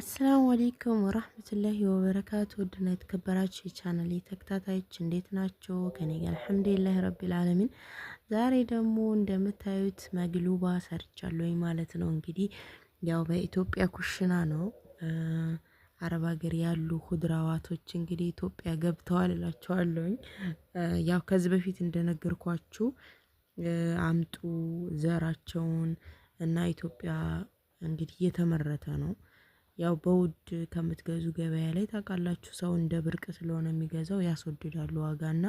አሰላሙ አሌይኩም ወራህመቱላሂ ወበረካቱ። ውድና የተከበራችሁ የቻናል ተከታታዮች እንዴት ናቸው? ከኔ ጋር አልሐምዱሊላህ ረቢል ዓለሚን። ዛሬ ደግሞ እንደምታዩት መግሉባ ሰርቻለሁኝ ማለት ነው። እንግዲህ ያው በኢትዮጵያ ኩሽና ነው። አረብ ሀገር ያሉ ሁድራዋቶች እንግዲህ ኢትዮጵያ ገብተዋል እላቸዋለሁኝ። ያው ከዚህ በፊት እንደነገርኳችሁ አምጡ ዘራቸውን እና ኢትዮጵያ እንግዲህ እየተመረተ ነው ያው በውድ ከምትገዙ ገበያ ላይ ታውቃላችሁ ሰው እንደ ብርቅ ስለሆነ የሚገዛው ያስወድዳሉ ዋጋና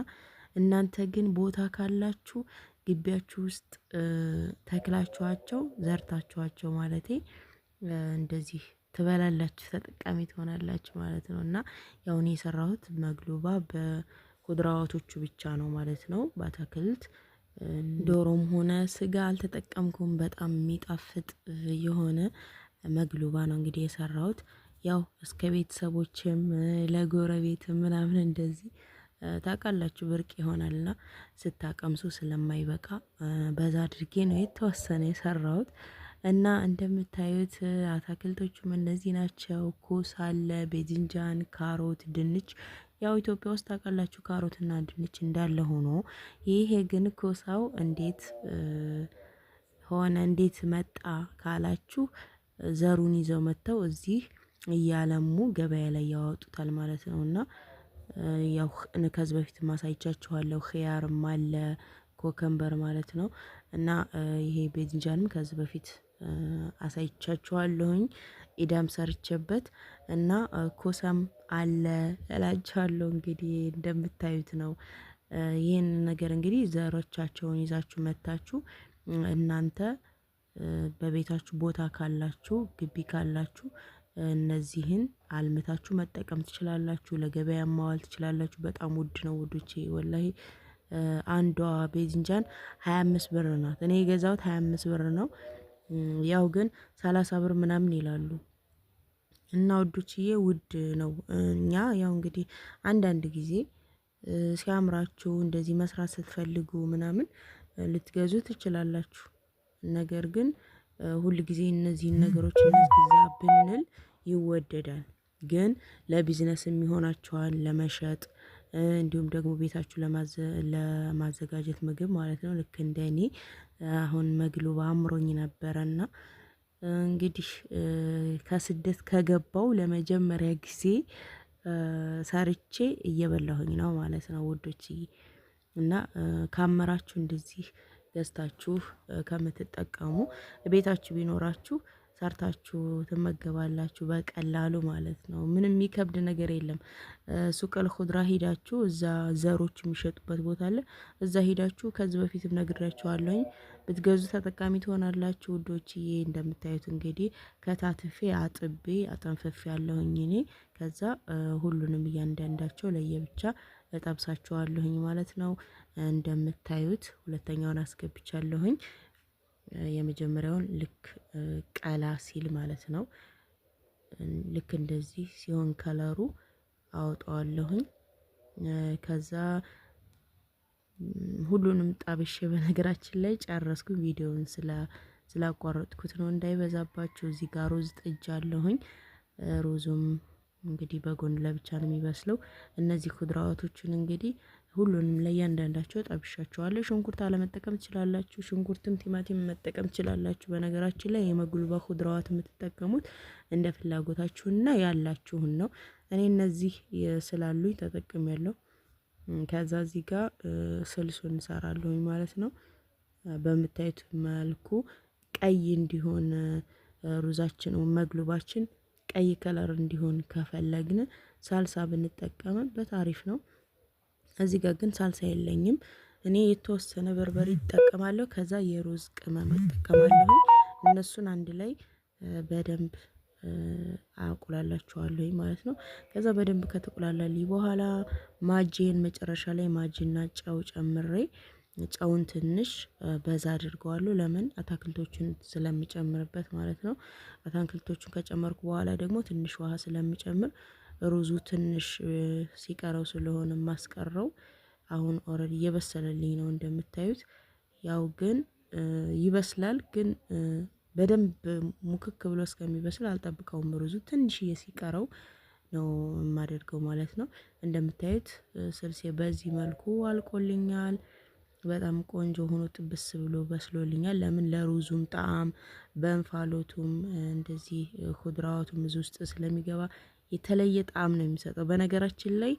እናንተ ግን ቦታ ካላችሁ ግቢያችሁ ውስጥ ተክላችኋቸው ዘርታችኋቸው ማለቴ እንደዚህ ትበላላችሁ ተጠቃሚ ትሆናላችሁ ማለት ነው። እና ያው እኔ የሰራሁት መግሉባ በኩድራዋቶቹ ብቻ ነው ማለት ነው። በአታክልት ዶሮም ሆነ ስጋ አልተጠቀምኩም። በጣም የሚጣፍጥ የሆነ መግሉባ ነው እንግዲህ የሰራሁት። ያው እስከ ቤተሰቦችም ለጎረቤትም ምናምን እንደዚህ ታውቃላችሁ ብርቅ ይሆናልና ስታቀምሱ ስለማይበቃ በዛ አድርጌ ነው የተወሰነ የሰራሁት እና እንደምታዩት አታክልቶቹም እነዚህ ናቸው። ኮስ አለ፣ ቤዝንጃን፣ ካሮት፣ ድንች ያው ኢትዮጵያ ውስጥ ታውቃላችሁ ካሮትና ድንች እንዳለ ሆኖ ይሄ ግን ኮሳው እንዴት ሆነ እንዴት መጣ ካላችሁ ዘሩን ይዘው መጥተው እዚህ እያለሙ ገበያ ላይ ያወጡታል ማለት ነው። እና ያው ከዚህ በፊት ማሳይቻችኋለሁ። ኪያርም አለ ኮከምበር ማለት ነው። እና ይሄ ቤድንጃንም ከዚህ በፊት አሳይቻችኋለሁኝ ኢዳም ሰርቼበት እና ኮሰም አለ እላችኋለሁ። እንግዲህ እንደምታዩት ነው። ይህን ነገር እንግዲህ ዘሮቻቸውን ይዛችሁ መታችሁ እናንተ በቤታችሁ ቦታ ካላችሁ ግቢ ካላችሁ እነዚህን አልምታችሁ መጠቀም ትችላላችሁ። ለገበያ ማዋል ትችላላችሁ። በጣም ውድ ነው ውዶቼ ወላሂ። አንዷ ቤዝንጃን ሀያ አምስት ብር ናት። እኔ የገዛሁት ሀያ አምስት ብር ነው። ያው ግን ሰላሳ ብር ምናምን ይላሉ እና ውዶችዬ ውድ ነው። እኛ ያው እንግዲህ አንዳንድ ጊዜ ሲያምራችሁ እንደዚህ መስራት ስትፈልጉ ምናምን ልትገዙ ትችላላችሁ። ነገር ግን ሁል ጊዜ እነዚህን ነገሮች እንግዛ ብንል ይወደዳል። ግን ለቢዝነስ የሚሆናቸዋል ለመሸጥ እንዲሁም ደግሞ ቤታችሁ ለማዘጋጀት ምግብ ማለት ነው። ልክ እንደ እኔ አሁን መግሉባ አምሮኝ ነበረና እንግዲህ ከስደት ከገባው ለመጀመሪያ ጊዜ ሰርቼ እየበላሁኝ ነው ማለት ነው። ውዶችዬ እና ካመራችሁ እንደዚህ ገዝታችሁ ከምትጠቀሙ ቤታችሁ ቢኖራችሁ ሰርታችሁ ትመገባላችሁ በቀላሉ ማለት ነው። ምንም የሚከብድ ነገር የለም። ሱቀል ኩድራ ሂዳችሁ እዛ ዘሮች የሚሸጡበት ቦታ አለ። እዛ ሂዳችሁ ከዚህ በፊትም ነግሬያችኋለሁኝ ብትገዙ ተጠቃሚ ትሆናላችሁ ውዶችዬ። እንደምታዩት እንግዲህ ከታትፌ አጥቤ አጠንፈፌ ያለሁኝ እኔ ከዛ ሁሉንም እያንዳንዳቸው ለየብቻ እጠብሳቸዋለሁኝ ማለት ነው። እንደምታዩት ሁለተኛውን አስገብቻለሁኝ። የመጀመሪያውን ልክ ቀላ ሲል ማለት ነው። ልክ እንደዚህ ሲሆን ከለሩ አወጣዋለሁኝ። ከዛ ሁሉንም ጣብሼ በነገራችን ላይ ጨረስኩኝ። ቪዲዮውን ስላቋረጥኩት ነው እንዳይበዛባቸው። እዚህ ጋር ሮዝ ጥጃለሁኝ። አለሁኝ። ሮዙም እንግዲህ በጎን ለብቻ ነው የሚበስለው። እነዚህ ኩድራዋቶችን እንግዲህ ሁሉንም ለእያንዳንዳቸው ጠብሻቸዋለሁ። ሽንኩርት አለመጠቀም ትችላላችሁ። ሽንኩርትም ቲማቲም መጠቀም ትችላላችሁ። በነገራችን ላይ የመጉልባ ኩድራዋት የምትጠቀሙት እንደ ፍላጎታችሁና ያላችሁን ነው። እኔ እነዚህ ስላሉኝ ተጠቅም ያለው ከዛ እዚህ ጋር ስልሱን እንሰራለሁኝ ማለት ነው። በምታዩት መልኩ ቀይ እንዲሆን ሩዛችን መግሉባችን ቀይ ከለር እንዲሆን ከፈለግን ሳልሳ ብንጠቀምበት አሪፍ ነው። እዚህ ጋር ግን ሳልሳ የለኝም። እኔ የተወሰነ በርበሬ ይጠቀማለሁ። ከዛ የሩዝ ቅመም ይጠቀማለሁ። እነሱን አንድ ላይ በደንብ አቁላላችኋለሁ ማለት ነው። ከዛ በደንብ ከተቁላላልኝ በኋላ ማጄን መጨረሻ ላይ ማጅና ጨው ጨምሬ ጨውን ትንሽ በዛ አድርገዋለሁ። ለምን አታክልቶቹን ስለሚጨምርበት ማለት ነው። አታክልቶቹን ከጨመርኩ በኋላ ደግሞ ትንሽ ውሃ ስለሚጨምር ሩዙ ትንሽ ሲቀረው ስለሆነ የማስቀረው አሁን ኦሬዲ እየበሰለልኝ ነው እንደምታዩት። ያው ግን ይበስላል ግን በደንብ ሙክክ ብሎ እስከሚበስል አልጠብቀውም ሩዙ ትንሽዬ ሲቀረው ነው የማደርገው ማለት ነው። እንደምታዩት ስልሴ በዚህ መልኩ አልቆልኛል በጣም ቆንጆ ሆኖ ጥብስ ብሎ በስሎልኛል። ለምን ለሩዙም ጣዕም በእንፋሎቱም እንደዚህ ኩድራዋቱም እዚህ ውስጥ ስለሚገባ የተለየ ጣዕም ነው የሚሰጠው። በነገራችን ላይ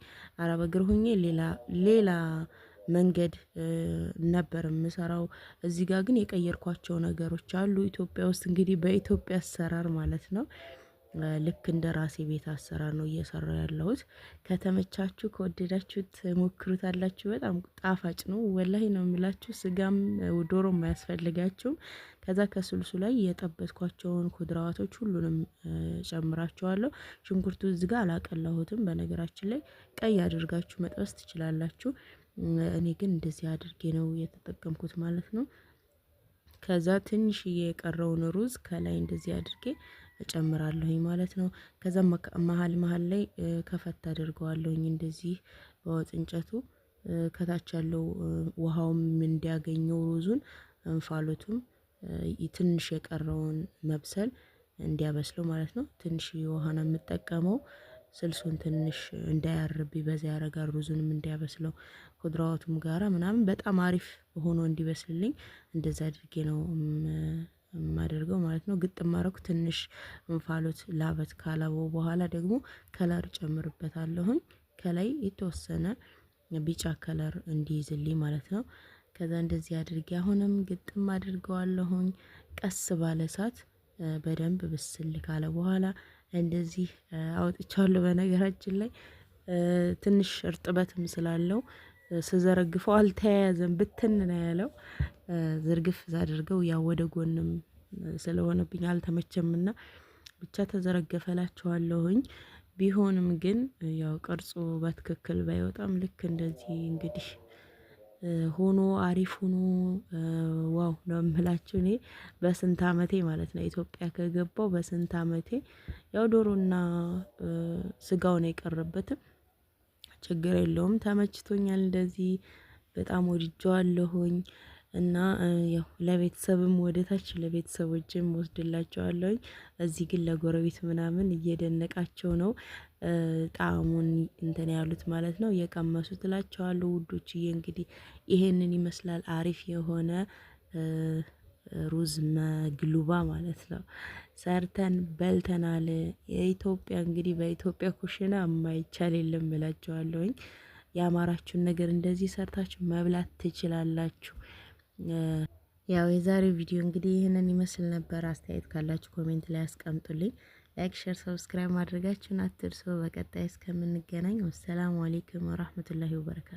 አረብ አገር ሆኜ ሌላ ሌላ መንገድ ነበር የምሰራው። እዚህ ጋር ግን የቀየርኳቸው ነገሮች አሉ ኢትዮጵያ ውስጥ እንግዲህ በኢትዮጵያ አሰራር ማለት ነው ልክ እንደ ራሴ ቤት አሰራር ነው እየሰራ ያለሁት። ከተመቻችሁ ከወደዳችሁት ሞክሩታላችሁ። በጣም ጣፋጭ ነው፣ ወላሂ ነው የሚላችሁ ስጋም ዶሮም አያስፈልጋችሁም። ከዛ ከስልሱ ላይ የጠበስኳቸውን ኩድራዋቶች ሁሉንም ጨምራቸዋለሁ። ሽንኩርቱ ዝጋ አላቀላሁትም። በነገራችን ላይ ቀይ አድርጋችሁ መጥበስ ትችላላችሁ። እኔ ግን እንደዚህ አድርጌ ነው የተጠቀምኩት ማለት ነው። ከዛ ትንሽዬ የቀረውን ሩዝ ከላይ እንደዚህ አድርጌ እጨምራለሁኝ ማለት ነው። ከዛ መሀል መሀል ላይ ከፈት አድርገዋለሁኝ እንደዚህ በወጥ እንጨቱ ከታች ያለው ውሃውም እንዲያገኘው ሩዙን እንፋሎቱም ትንሽ የቀረውን መብሰል እንዲያበስለው ማለት ነው። ትንሽ ውሃ ነው የምጠቀመው። ስልሱን ትንሽ እንዳያርብ በዛ ያደርጋል። ሩዙንም እንዲያበስለው ኩድራዎቱም ጋራ ምናምን በጣም አሪፍ ሆኖ እንዲበስልልኝ እንደዛ አድርጌ ነው የማደርገው ማለት ነው። ግጥም ማረኩ ትንሽ እንፋሎት ላበት ካላበው በኋላ ደግሞ ከለር ጨምርበታለሁኝ ከላይ የተወሰነ ቢጫ ከለር እንዲይዝልኝ ማለት ነው። ከዛ እንደዚህ አድርጌ አሁንም ግጥም አድርገዋለሁኝ ቀስ ባለ እሳት በደንብ ብስል ካለ በኋላ እንደዚህ አውጥቻለሁ። በነገራችን ላይ ትንሽ እርጥበትም ስላለው ስዘረግፈው አልተያያዘም ብትን ነው ያለው። ዝርግፍ ሳደርገው ያው ወደ ጎንም ስለሆነብኝ አልተመቸምና ብቻ ተዘረገፈላችኋለሁኝ። ቢሆንም ግን ያው ቅርጹ በትክክል ባይወጣም ልክ እንደዚህ እንግዲህ ሆኖ አሪፍ ሆኖ ዋው ነው የምላችሁ። እኔ በስንት አመቴ ማለት ነው ኢትዮጵያ ከገባው በስንት አመቴ ያው ዶሮና ስጋውን አይቀርበትም ችግር የለውም ተመችቶኛል እንደዚህ በጣም ወድጀዋለሁኝ እና ያው ለቤተሰብም ወደታች ለቤተሰቦችም ወስድላቸዋለሁኝ። እዚህ ግን ለጎረቤት ምናምን እየደነቃቸው ነው። ጣዕሙን እንትን ያሉት ማለት ነው የቀመሱት እላቸዋለሁ ውዶችዬ እንግዲህ ይሄንን ይመስላል አሪፍ የሆነ ሩዝ መግሉባ ማለት ነው። ሰርተን በልተናል። የኢትዮጵያ እንግዲህ በኢትዮጵያ ኩሽና የማይቻል የለም ብላቸዋለሁኝ። ያማራችሁን ነገር እንደዚህ ሰርታችሁ መብላት ትችላላችሁ። ያው የዛሬው ቪዲዮ እንግዲህ ይህንን ይመስል ነበር። አስተያየት ካላችሁ ኮሜንት ላይ አስቀምጡልኝ። ላይክ፣ ሼር፣ ሰብስክራይብ ማድረጋችሁን አትርሱ። በቀጣይ እስከምንገናኝ ወሰላሙ አሌይኩም ወራህመቱላሂ ወበረካቱ።